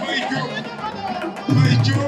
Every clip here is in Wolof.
Baye Diop Baye Diop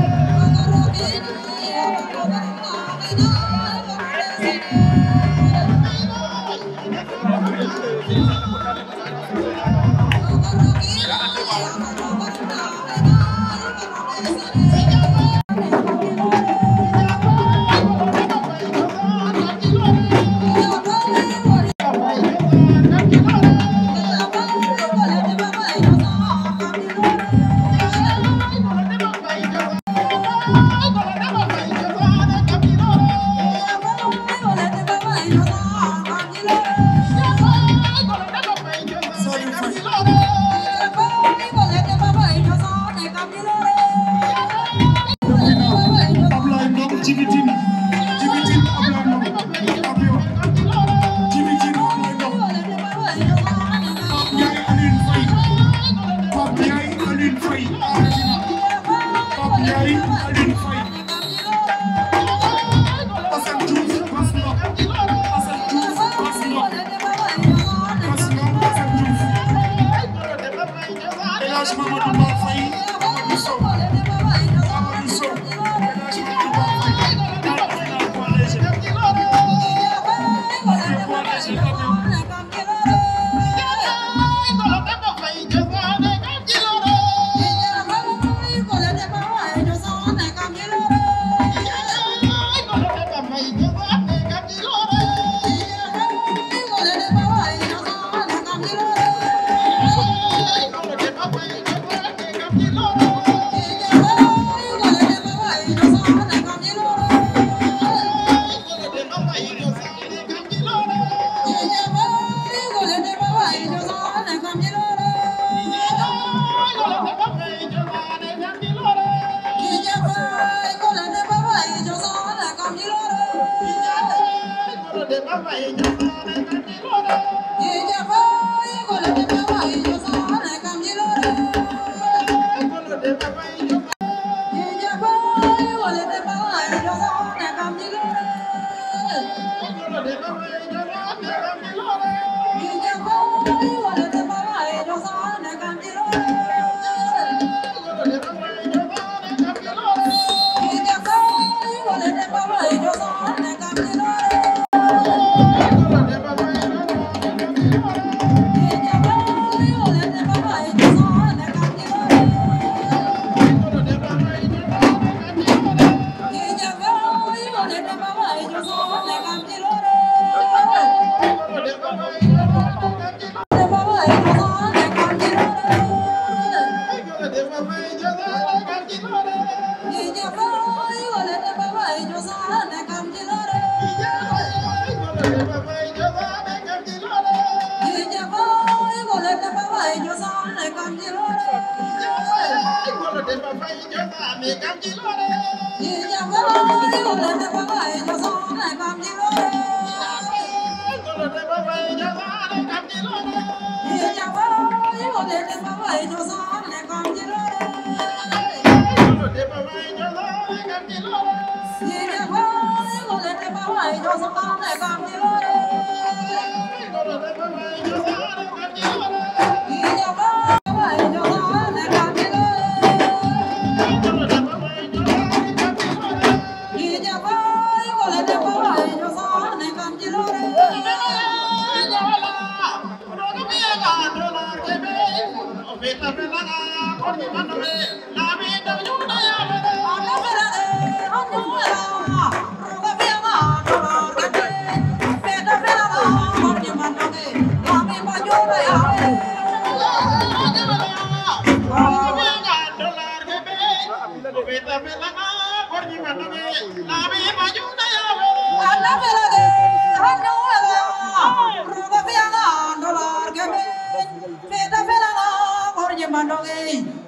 மண்டோகை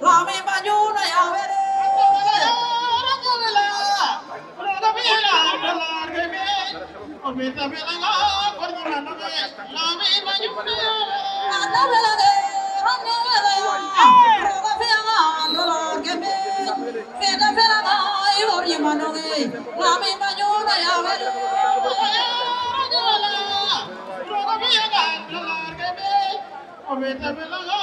ராமி மஞ்சூனை ஆவேரே ராமி மஞ்சூனை ஆவேரே Come on, come on, come on.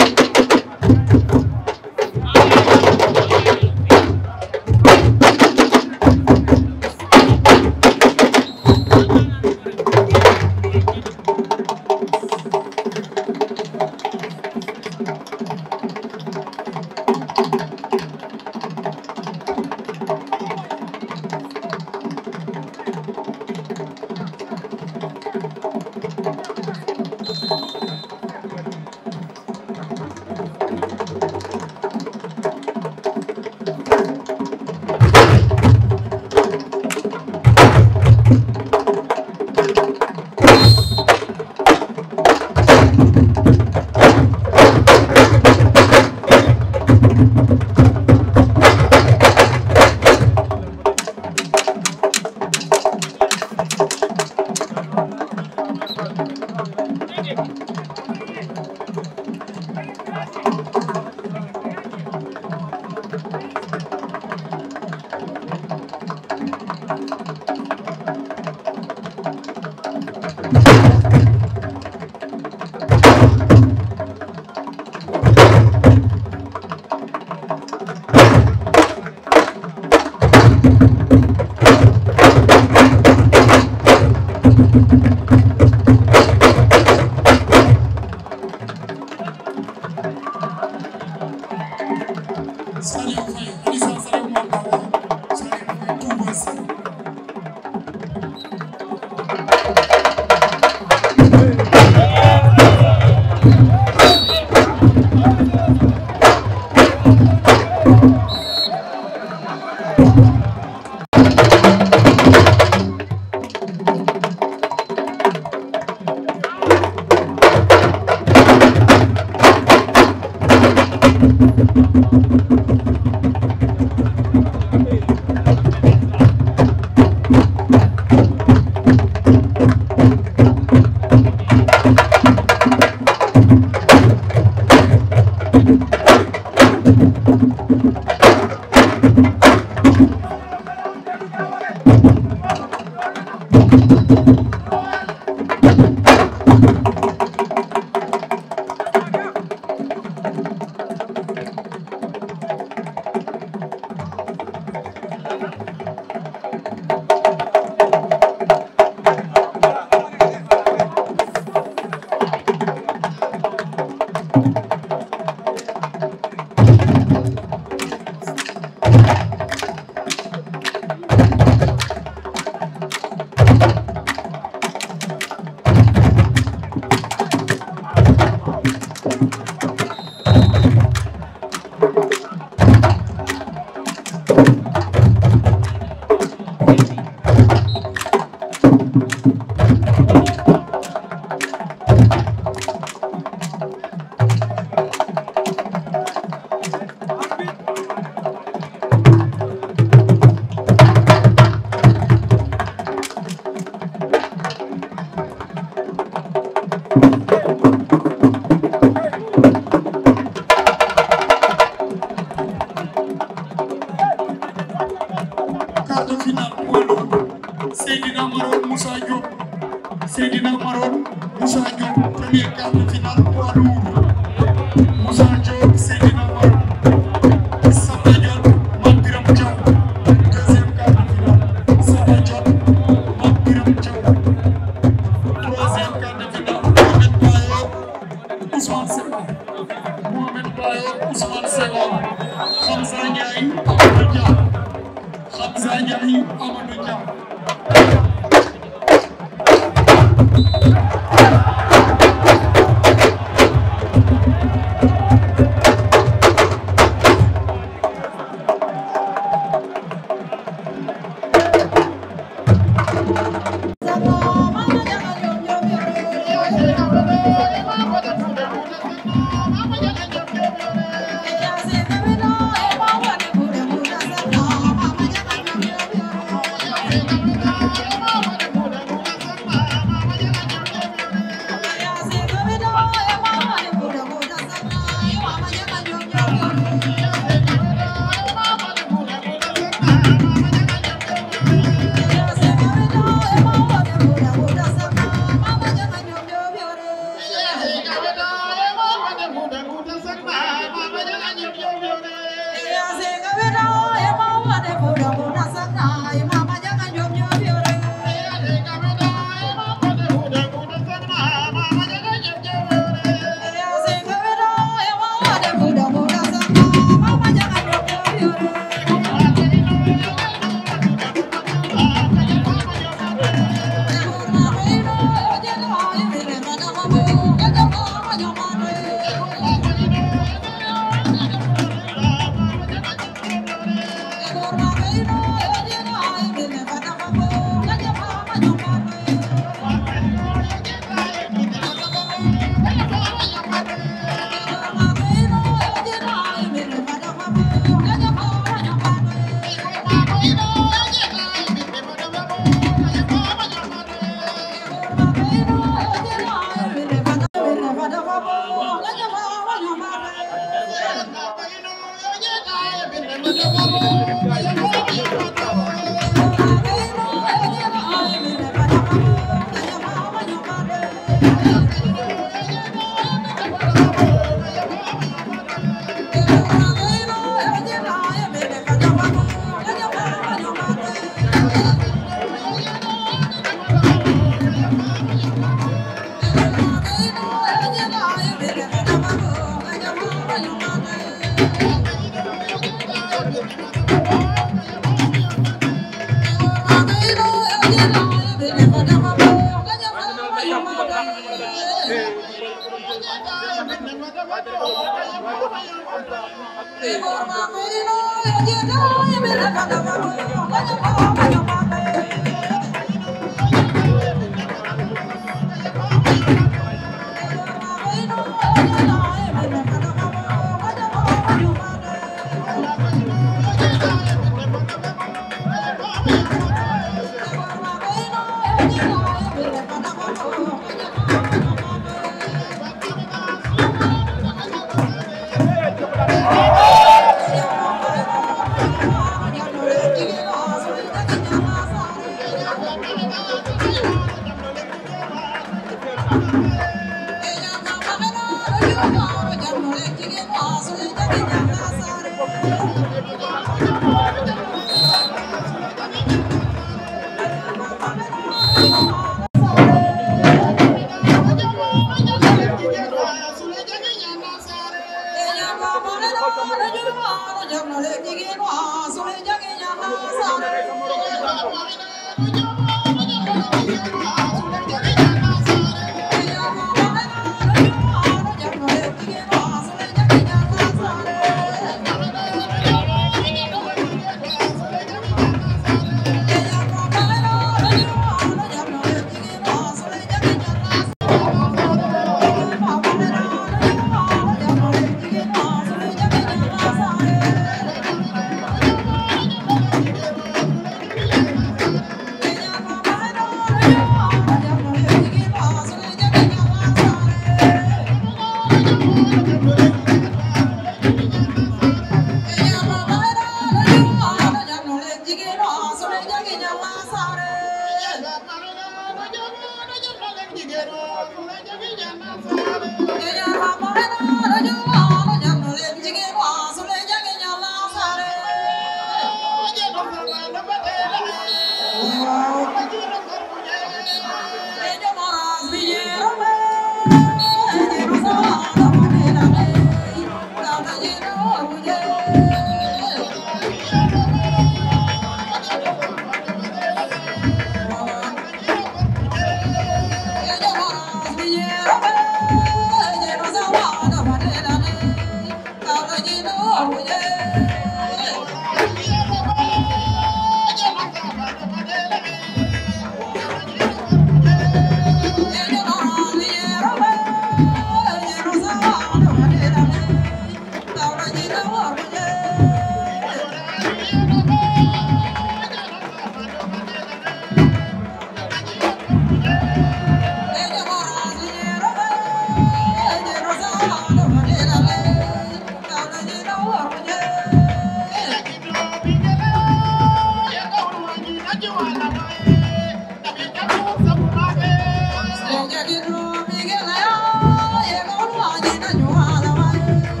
Thank you.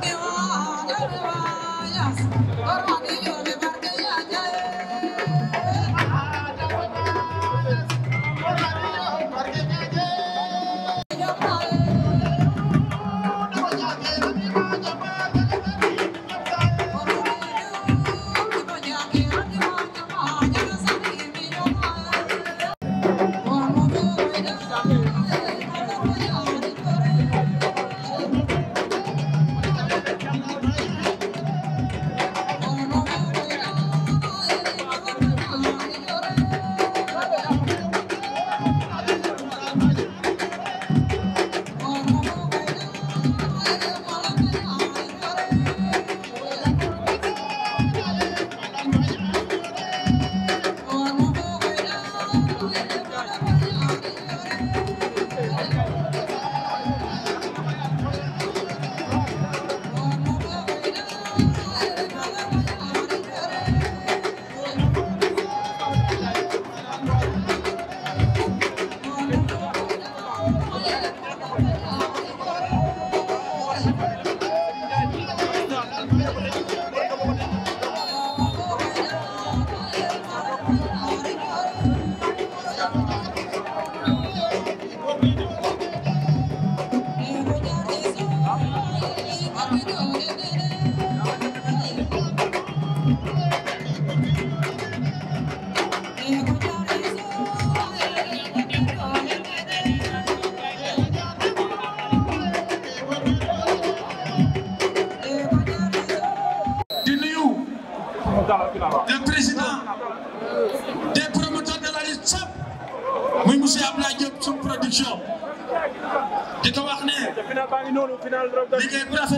Yes. liggéey bu rafet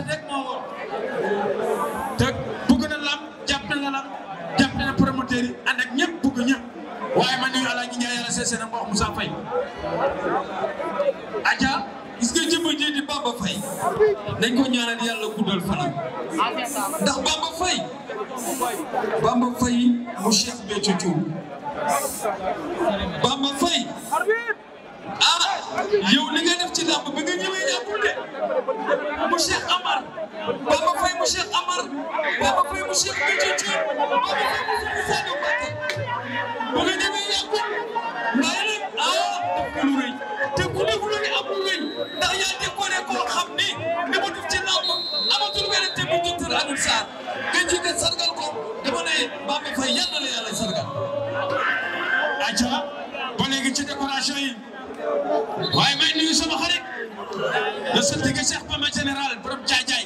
sama xarit le saltige Cheikh Bamba général borom jaay-jaay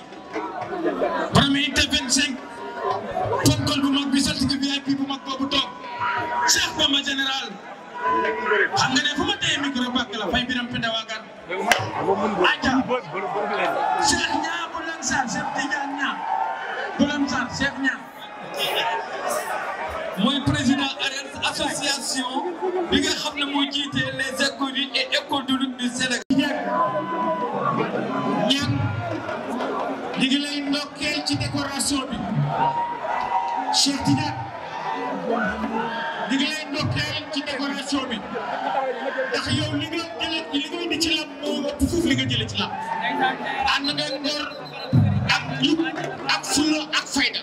borom unité 25 fonkol bu mag bi saltige VIP bu mag boobu toog Cheikh Bamba général xam nga ne fu ma téye micro bàkk la fay biram pinde waagar aja Cheikh ñaa bu lan sar Cheikh Tidiane ñaa bu lan sar Cheikh ñaa mooy président association bi nga xam ne moo jiite les Cheikh Tidiane ci décoration bi ndax yow li nga jëlee li nga indi ci làmb moo ëpp fuuf li nga jëlee ak njub ak fulla ak fayda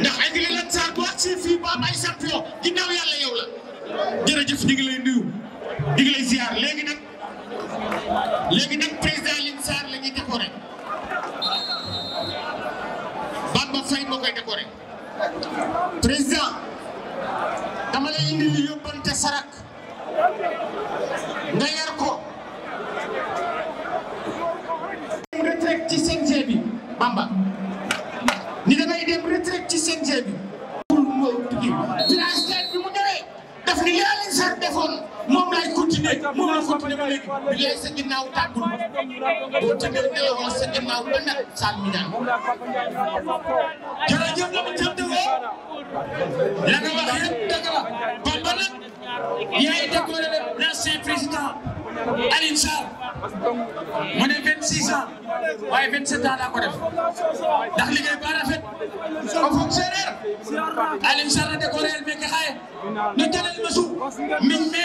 ndax ay leen saa boo agsee fii ba am ay champion ginnaaw yàlla yow la jërëjëf ñu ngi lay nuyu ñu léegi nag léegi nag président Alioune Sarr la ñuy décorer Bamba Faye moo koy président dama lay indi yóbbante sarak nga yar ko retraite ci Bamba ni dangay dem retraite ci CNG bi pour mo tigi transfert bi mu ñëwee nekk mën naa ko tuddee ba léegi bi lay sa ginnaaw tàggul boo tëddee nelawoo sa ginnaaw ba nag saal mi daan jërëjëf la mu tëdd woo la nga wax yëpp dëgg la Bamba nag yaay décoré le l'ancien président Alioune Sarr mu ne 26 ans waaye 27 ans laa ko def ndax liggéey ba rafet o foog séeréer Alioune Sarr a décoré el meke xaye no calel ma suuf miñ me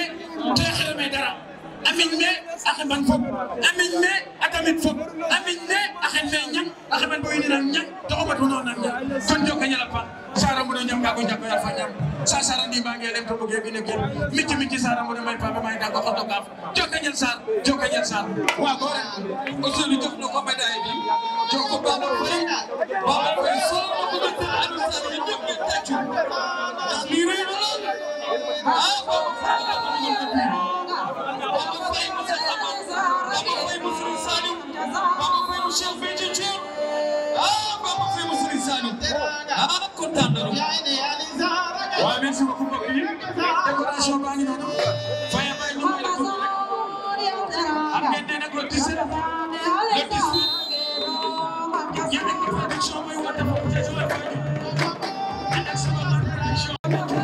te xereme dara amin ne axe fop amin ne a damit fop amin ne axe ne ñang axe man boyi ninan ñang taxo mat wono nan ñang kon joko ñala paax sara mbono fa ñam sa sara ndimbange lem to boge ɓine gen micci micci sara mbono may may dago xoto gaaf joka ñel sar sar wago o solu jof no ko ɓadaye bi sar yi ñëpp ngeen tàccu ndax lii rëy na lool ah baba fay la ko waaye merci beaucoup mbokk yi décoration baa ngi noonu Faye Faye lu may def rek am ngeen ne nag le 17 le 17 ñeneen production mooy woote foofu ca Joal Fadiouth